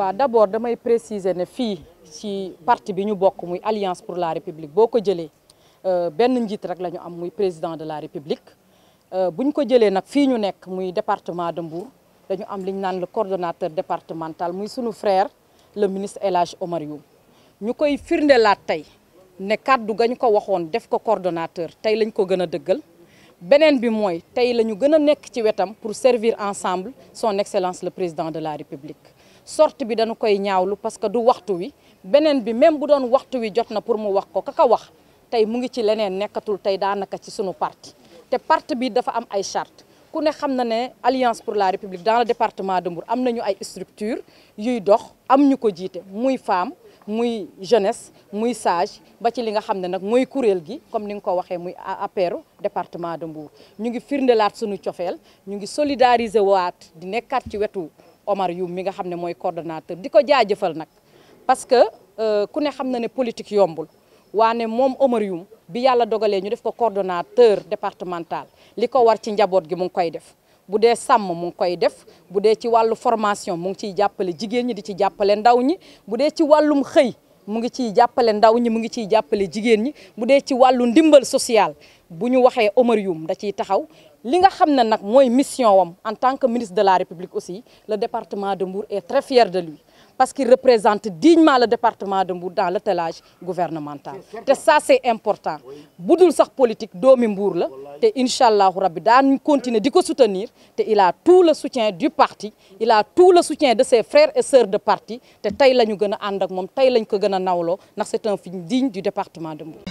D'abord, d' abord damay préciser ne fii ci parti bi ñu alliance pour la république boko ko jëlee euh, benn njiit rek lañu am muy président de la république euh buñ ko jëlee nak fii ñu nekk muy département de Mbour dañu am liñ nane le coordonnateur départemental muy sunu frère le ministre Elage Hadj Omar Youm ñu koy firndelaat tey ne kàddu ga ko waxone def ko coordonnateur tay lañ ko gëna a dëggal beneen bi moy tay lañu gëna nek ci wétam pour servir ensemble son excellence le président de la république sorte bi dañu koy ñaawlu parce que du waxtu wi beneen bi même bu doon waxtu wi jot na pour mu wax ko kaka wax tey mu ngi ci leneen nekkatul tey daanaka ci sunu parti te parti bi dafa am ay charte ku ne xam na ne alliance pour la république dans le département de Mbour am nañu ay structure yuy dox am ñu ko jiite muy femme muy jeunesse muy sage ba ci li nga xam ne nag mooy kuréel gi comme ni nga ko waxee muy APR département de Mbour ñu ngi firndelaat suñu cofeel ñu ngi solidariser waat di nekkaat ci wetu Omar Youm mi nga xam ne mooy coordonnateur di ko jaajëfal nag parce que euh, ku ne xam na ne politique yombul waane moom Omar Youm bi yàlla dogalee ñu def ko coordonnateur départemental li ko war ci njaboot gi mu ngi koy def bu dee sàmm mu ngi koy def bu dee ci wàllu formation mu ngi ciy jàppale jigéen ñi di ci jàppale ndaw ñi bu dee ci wàllum xëy mu ngi ciy jàppale ndaw ñi mu ngi ciy jàppale jigéen ñi bu dee ci wàllu ndimbal social bu ñu waxee Omar Youm da ciy taxaw li nga xam ne mission en tant que ministre de la République aussi le département de Mbour est très fier de lui parce qu'il représente dignement le département de Mbour dans l'étalage gouvernemental Et ça c'est important bu politique de Mbour la te incha allahu soutenir il a tout le soutien du parti il a tout le soutien de ses frères et sœurs de parti Et tey la ñu gën ak lañ ko c'est un film digne du département de Mbour